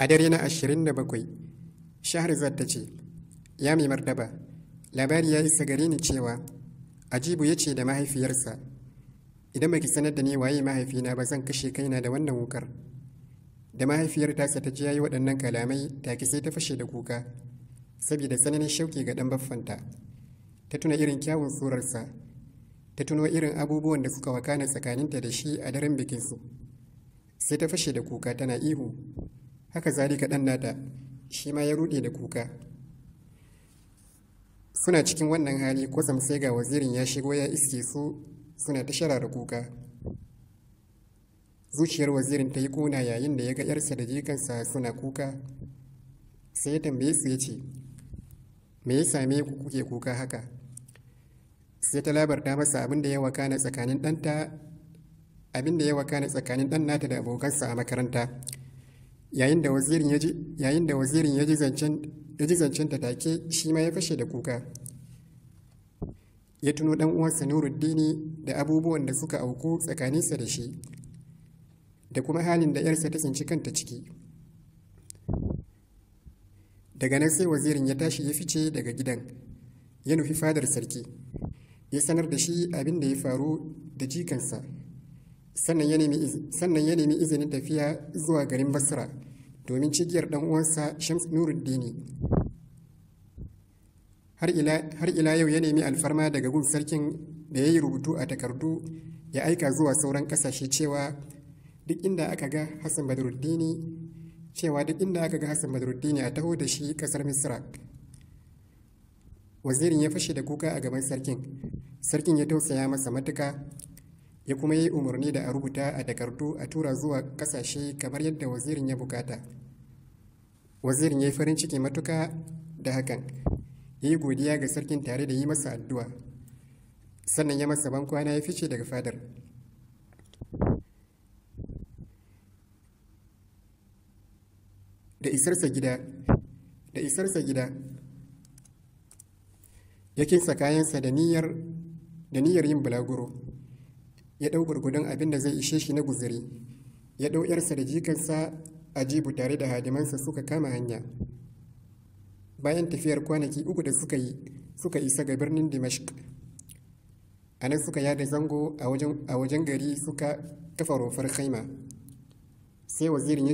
a dare na ashirin 27 shahrazad ta ce ya mai martaba labari ya yi sagari ni cewa ajibu ya ce da mahaifiyarsa idan baki sanar da ni waye mahaifina ba zan kashe kaina da wannan wukar da mahaifiyar tasa ta ji yi waɗannan kalamai taki sai ta fashe da kuka saboda tsananin shauki ga ɗan baffanta ta tuna irin kyawun surarsa ta tuno irin abubuwan da suka wakana tsakaninta da shi a daren bikinsu sai ta fashe da kuka tana ihu haka zalika ɗan nata shi ma ya ruɗe da kuka suna cikin wannan hali kwatsam sai ga wazirin ya shigo ya iske su suna ta da kuka zuciyar wazirin ta yi ƙuna yayin da ya ga yarsa da jikansa suna kuka sai ya tambaye su ya ce me ya same ku kuke kuka haka sai ta labarta masa abin da ya wakana tsakanin ɗanta abin da ya wakana tsakanin ɗan nata da abokansa a makaranta yayin da wazirin ya ji da wazirin ya ji zancen ya ta take shi ma ya fashe da kuka ya tuno dan uwansa dini da abubuwan da suka auku tsakaninsa da shi da kuma halin da yarsa ta tsinci kanta ciki daga nan sai wazirin ya tashi ya fice daga gidan ya nufi fadar sarki ya sanar da shi abin da ya faru da jikansa sannan ya nemi izinin tafiya zuwa garin basra domin cigiyar dan uwansa shams nuruddini har ila yau ya nemi alfarma daga gun sarkin da ya yi rubutu a takardu ya aika zuwa sauran kasashe cewa duk inda aka ga hassan badruddini cewa duk inda aka ga hassan badruddini a taho da shi kasar misra wazirin ya fashe da kuka a gaban sarkin sarkin ya tausaya masa matuka ya kuma yi umarni da a rubuta a takardu a tura zuwa kasashe kamar yadda wazirin ya bukata wazirin ya yi farin ciki matuka da hakan ya yi godiya ga sarkin tare da yi masa addu'a sannan ya masa bankwana ya fice daga fadar isarsa gida da isarsa gida ya kinsa kayansa da niyyar yin bulaguro ya ɗau gurgudun abin da zai ishe shi na guzuri ya ɗau ‘yarsa da jikansa a jibu tare da hadimansa suka kama hanya bayan tafiyar kwanaki uku da suka yi suka isa ga birnin dimashq a nan suka yada zango a wajen gari suka kafa rofar khaima sai wazirin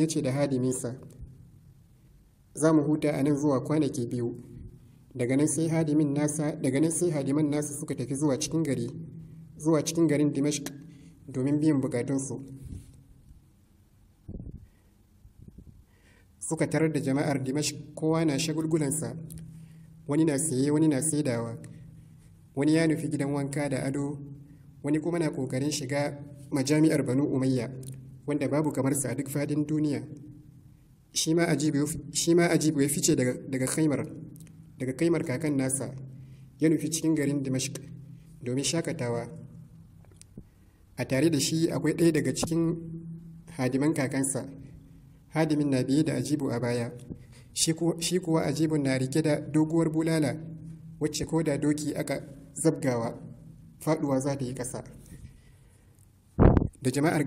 ya ce da hadiminsa za mu huta a nan zuwa kwanaki biyu daga nan sai hadimin daga nan sai hadiman nasa suka tafi zuwa cikin gari zuwa cikin garin dimashq domin biyan bukatunsu suka tarar da jama'ar dimashq kowa na shagulgulansa wani na saye wani na saidawa wani ya nufi gidan wanka da ado wani kuma na kokarin shiga majami'ar banu umayya wanda babu kamar sa a duk fadin duniya shi ma ajibu ya fice daga kaimar daga kaimar kakan nasa ya nufi cikin garin dimashq domin shakatawa a tare da shi akwai ɗaya daga cikin hadiman kakansa hadimin na biye da ajibu a baya shi kuwa ajibun na rike da doguwar bulala wacce ko da doki aka zabgawa faduwa za ta yi ƙasa da jama'ar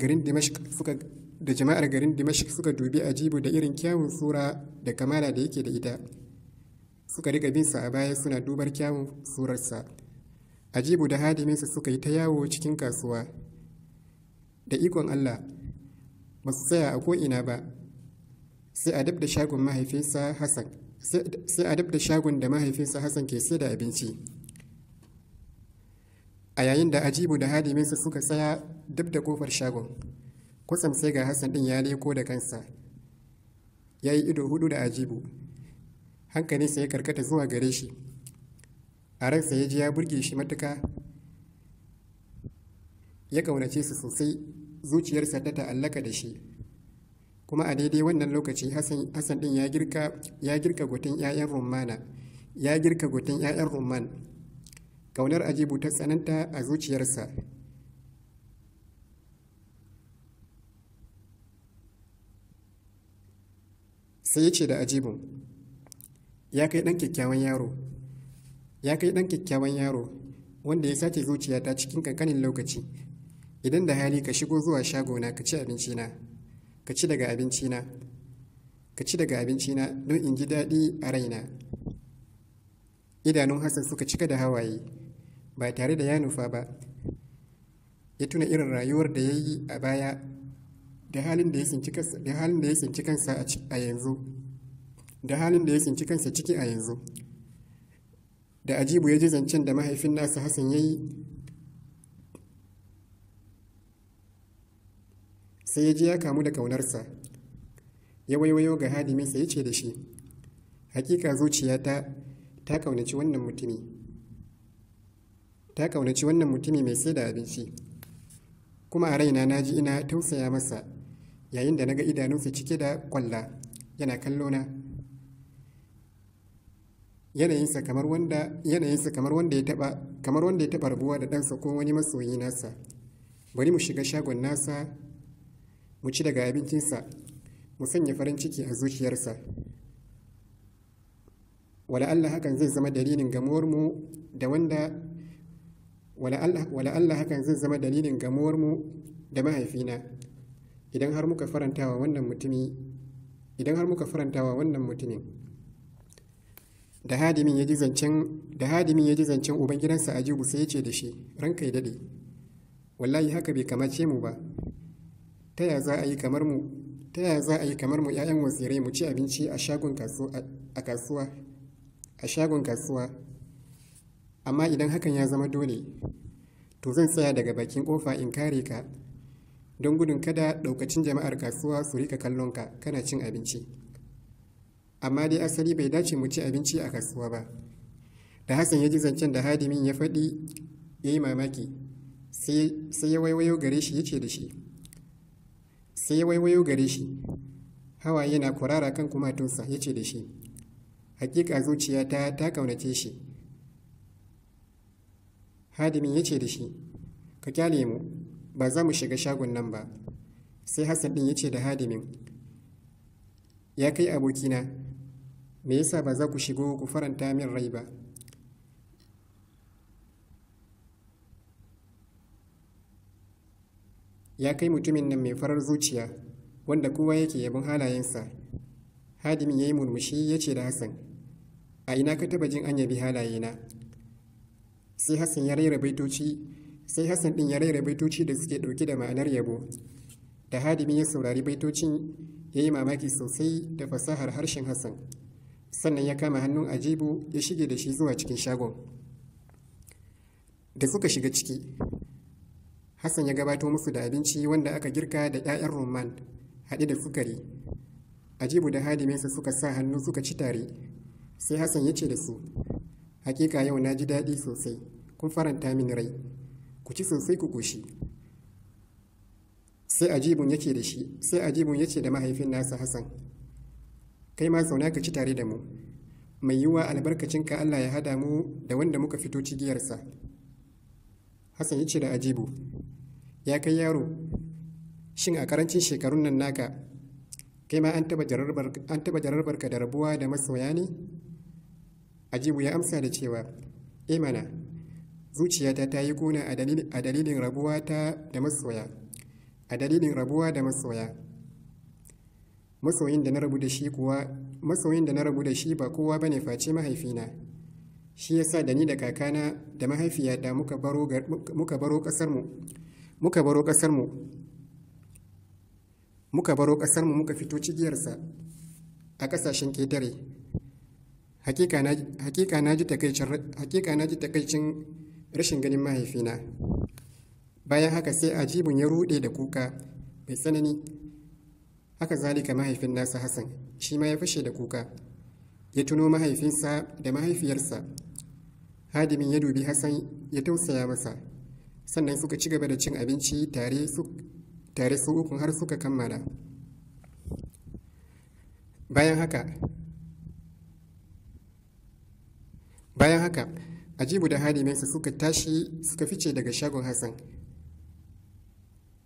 garin dimashik suka dubi ajibu da irin kyawun tsura da kamala da yake da ita suka riga bin a baya suna dubar kyawun tsurarsa. ajibu da hadiminsa suka yi ta yawo cikin kasuwa da ikon Allah ba su tsaya a ko'ina ba sai a dab da shagon mahaifinsa Hassan sai a dab da shagon da mahaifinsa Hassan ke sai da abinci a yayin da ajibu da hadiminsa suka tsaya dab da kofar shagon Kusan sai ga Hassan ɗin ya leko da kansa ya yi ido hudu da ajibu hankalinsa ya karkata zuwa gare shi a ransa ya ji ya burge shi matuka ya ƙaunace su sosai zuciyarsa ta ta'allaka da shi kuma a daidai wannan lokaci hassan ɗin ya girka gutun 'ya'yan rumana ya girka gutun 'ya'yan rumman ƙaunar ajibu ta tsananta a zuciyarsa sai ya ce da ajibu ya kai ɗan kyakkyawan yaro ya kai ɗan kyakkyawan yaro wanda ya sace zuciyata cikin kankanin lokaci idan da hali ka shigo zuwa shagona ka ci abincina ka ci daga abincina ka ci daga abincina don in ji daɗi a raina idanun hassan suka cika da hawaye ba tare da ya nufa ba ya tuna irin rayuwar da ya yi a baya da halin da ya tsinci kansa a yanzu da halin da ya tsinci kansa ciki a yanzu da ajibu ya ji zancen da mahaifin nasa hassan ya yi sai ya ji ya kamu da ƙaunarsa ya waiwayo ga hadiminsa ya ce da shi hakika zuciyata ta ƙaunaci wannan mutumi mai sai da abinci kuma a raina na ji ina tausaya masa yayin da na ga idanunsa cike da kwalla yana kallona yanayinsa yanayinsa kamar wanda ya taba kamar wanda ya taba rabuwa da ɗansa ko wani masoyi nasa bari mu shiga shagon nasa mu ci daga abincinsa mu sanya farin ciki a zuciyarsa wala Allah hakan zai zama dalilin gamuwar mu da wanda wala Allah hakan zai zama dalilin gamuwar mu da mahaifina idan har muka farantawa wannan mutumi idan har muka farantawa wannan mutumin da hadimin ya ji zancen da hadimin ya ajibu sai ya ce da shi ranka ya dade wallahi haka bai kamace mu ba ta yaya za a yi kamar mu ta yaya za mu 'ya'yan wazirai mu ci abinci a shagon kasuwa a shagon kasuwa amma idan hakan ya zama dole to zan tsaya daga bakin kofa in kare ka don gudun kada daukacin jama'ar kasuwa su rika kallon ka kana cin abinci amma dai asali bai dace mu ci abinci a kasuwa ba da hassan ya ji zancen da hadimin ya faɗi ya yi mamaki sai ya waiwayo gare shi ya ce da shi sai ya waiwayo gare shi hawa yana kurara kan kumatunsa ya ce da shi hakika zuciyata ta kaunace shi hadimin ya ce da shi ka kyale mu ba za mu shiga shagon nan ba sai hassan ɗin ya ce da hadimin ya kai abokina me yasa ba za ku shigo ku faranta min rai ba ya kai mutumin nan mai farar zuciya wanda kowa yake yabon halayensa hadimin ya yi murmushi ya ce da hassan a ina ka taba jin an yabi halayena sai hassan ya raira baitoci sai hassan din ya raira baitoci da suke dauke da ma'anar yabo da hadimin ya saurari baitocin ya yi mamaki sosai da fasahar harshen hassan sannan ya kama hannun ajibu ya shige da shi zuwa cikin shagon da suka shiga ciki Hassan ya gabato musu da abinci wanda aka girka da 'ya'yan roman. haɗe da sukari. Ajibu da hadiminsa suka sa hannu suka ci tare. Sai Hassan ya ce da su, Hakika yau na ji daɗi sosai, kun faranta min rai, ku ci sosai ku ƙoshi. Sai ajibun yake da shi, sai ajibun yake da mahaifin nasa Hassan, kai ma zauna ka ci tare da mu, mai yiwuwa albarkacinka Allah ya hada mu da wanda muka fito cigiyarsa. Hassan ya ce da Ajibu, ya kai yaro, shin a karancin shekarun nan naka, kai ma an taba jararbar ka da rabuwa da masoya ne? Ajibu ya amsa da cewa, e mana, zuciyata ta yi gona a dalilin rabuwa ta da masoya, a dalilin rabuwa da masoya. Masoyin da na rabu da shi ba kowa ba ne face mahaifina. shi yasa da ni da kakana da mahaifiyata muka baro kasarmu muka baro kasarmu muka baro kasarmu muka fito cigiyarsa a kasashen ketare hakika na ji takaicin rashin ganin mahaifina bayan haka sai ajibin ya rude da kuka mai tsanani haka zalika mahaifin nasa hassan shi ma ya fashe da kuka ya tuno mahaifinsa da mahaifiyarsa hadimin ya dubi hassan ya tausaya masa sannan suka ci gaba da cin abinci tare su ukun har suka kammala bayan haka bayan haka ajibu da hadiminsa suka tashi suka fice daga shagon hassan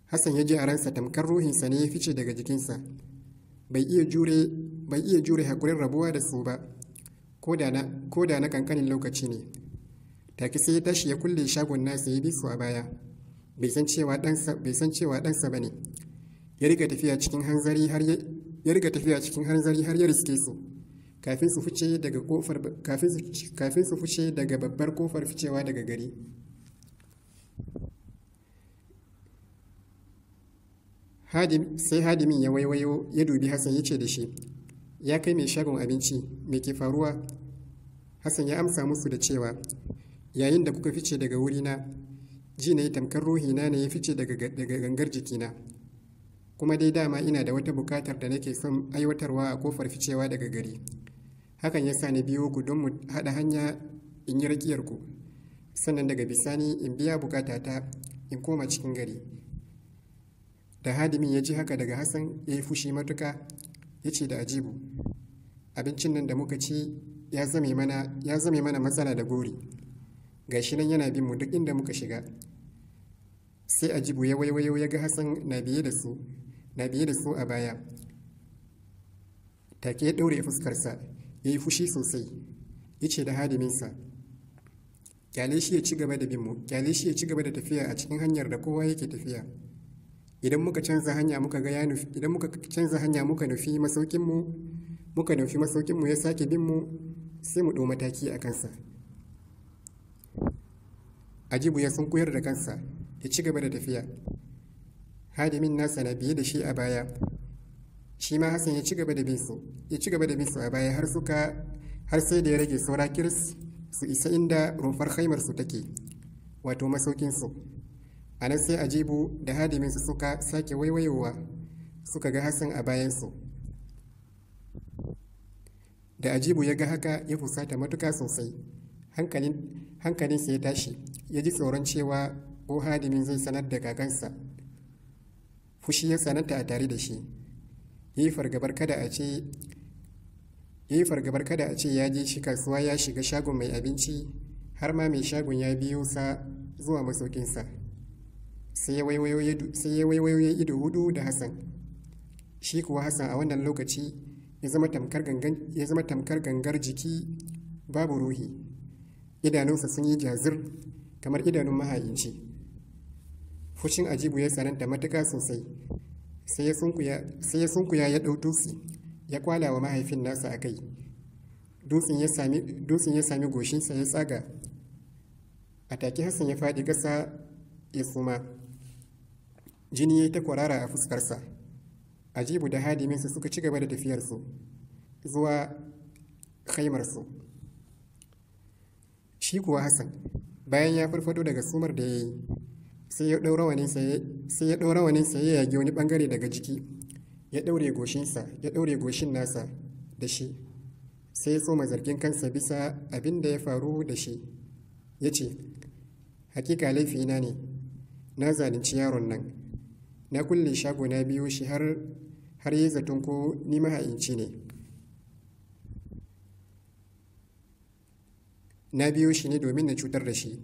hassan ya ji a ransa tamkar ruhinsa ne ya fice daga jikinsa bai iya jure bai haƙurin rabuwa da su ba ko da na kankanin lokaci ne take sai ya tashi ya kulle shagon nasa ya bi su a baya bai san cewa ɗansa ba ne ya riga tafiya cikin hanzari har ya riske su kafin su fice daga babbar kofar ficewa daga gari sai hadimin ya waiwayo ya dubi hassan ya ce da shi ya kai mai shagon abinci mai ke faruwa hassan ya amsa musu da cewa yayin da kuka fice daga wurina ji na yi tamkar ruhina ne ya fice daga gangar jikina kuma dai dama ina da wata bukatar da nake son aiwatarwa a kofar ficewa daga gari hakan ya sa ni biyo ku don mu haɗa hanya in yi rakiyarku, sannan daga bisani in biya bukatata in koma cikin gari da hadimin ya ji haka daga hassan ya yi fushi matuka ya ce da ajibu abincin nan da muka ci ya zame mana matsala da gori ga nan yana bin mu duk inda muka shiga sai a ajibu ya waiwayo ya ga hassan na biye da su na biye da su a baya take ya ɗaure fuskarsa ya yi fushi sosai ya ce da hadiminsa kyale shi ya ci gaba da bin mu kyale shi ya ci gaba da tafiya a cikin hanyar da kowa yake tafiya idan muka canza hanya muka ga ya nufi idan muka canza hanya muka nufi masaukin muka nufi masaukin mu ya sake bin mu sai mu ɗau mataki a kansa ajibu ya sun koyar da kansa ya ci gaba da tafiya hadimin nasa na biye da shi a baya shi ma hassan ya ci gaba da binsu ya ci gaba da binsu a baya har suka har sai da ya rage saura kiris su isa inda rumfar haimar su take wato masaukin su a nan sai ajibu da hadimin su suka sake waiwayowa suka ga hassan a bayan su da ajibu ya ga haka ya fusata matuka sosai hankalinsa ya tashi ya ji tsoron cewa ko hadimin zai sanar da gagansa fushi ya sananta a tare da shi ya yi fargabar kada a ce ya yi fargabar kada a ce ya je shi kasuwa ya shiga shagon mai abinci har ma mai shagon ya biyo sa zuwa masaukinsa sai ya waiwayo ya ido hudu da hassan shi kuwa hassan a wannan lokaci ya zama tamkar gangar jiki babu ruhi idanunsa sun yi jazir kamar idanun mahayinci fushin ajibu ya tsananta matuka sosai sai ya sunkuya ya ɗau dutsi ya kwala wa mahaifin nasa a kai dutsin ya sami goshinsa ya tsaga a take hassan ya faɗi ƙasa ya suma jini ya yi ta kwarara a fuskarsa ajibu da hadiminsa suka ci gaba da tafiyarsu zuwa haimarsu shi kuwa hassan bayan ya farfado daga sumar da ya yi sai ya ɗaura wani sai ya yage wani ɓangare daga jiki ya ɗaure goshinsa ya ɗaure goshin nasa da shi sai ya tsoma zargin kansa bisa abin da ya faru da shi ya ce hakika laifina ne na zalunci yaron nan na kulle shago na biyo shi har har yi zaton ko ni maha'inci ne na biyo shi ne domin na cutar da shi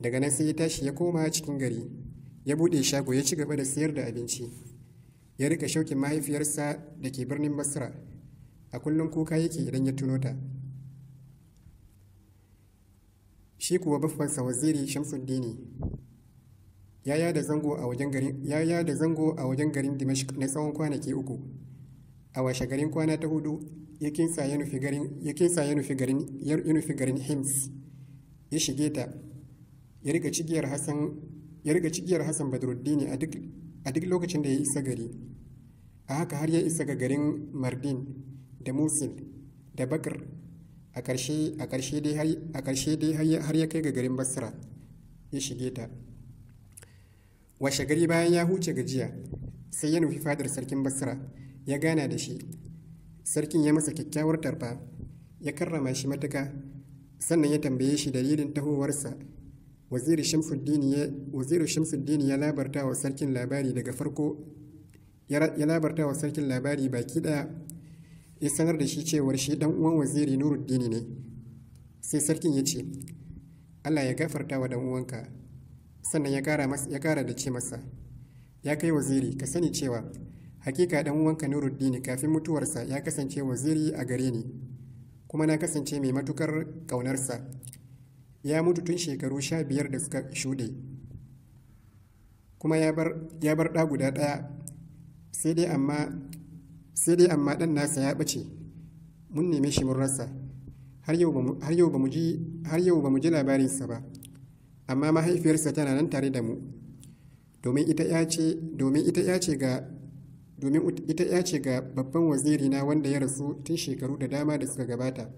daga nan sai ya tashi ya koma cikin gari ya buɗe shago ya ci gaba da sayar da abinci ya rika shaukin mahaifiyarsa da ke birnin basra a kullum kuka yake idan ya tuno ta shi kuwa baffansa waziri shamsuddini yaya da zango da zango a wajen garin dimashq na tsawon kwanaki uku a washe garin kwana ta hudu ya kin ya nufi garin ya ya nufi garin ya nufi garin Hims ya shige ta ya riga cigiyar Hassan ya riga cigiyar Hassan Badruddin a duk a duk lokacin da ya isa gari a haka har ya isa ga garin Mardin da Musil da Bakr a karshe a dai har a ƙarshe dai har ya kai ga garin Basra ya shige ta washe gari bayan ya huce gajiya sai ya nufi fadar sarkin Basra ya gana da shi sarkin ya masa kyakkyawar tarfa ya karrama shi matuka sannan ya tambaye shi dalilin tahowarsa waziri shamsuddini ya labarta wa sarkin labari daga farko ya labarta wa sarkin labari baki daya ya sanar da shi cewar shi dan uwan waziri nuruddini ne sai sarkin ya ce allah ya gafarta wa dan uwanka sannan ya kara da ce masa ya kai waziri ka sani cewa hakika dan uwanka nuruddin kafin mutuwarsa ya kasance waziri a gare ni kuma na kasance mai matukar ƙaunarsa ya mutu tun shekaru sha biyar da suka shuɗe kuma ya bar ɗa guda ɗaya sai dai amma ɗan nasa ya ɓace mun neme shi mun rasa har yau ba mu ji labarinsa ba amma mahaifiyarsa tana nan tare da mu domin ita ya ce ga domin ita ya ce ga babban waziri na wanda ya rasu tun shekaru da dama da suka gabata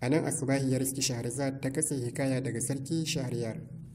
a nan asubahi ya shahrazad ta kasa hikaya daga sarki shahriyar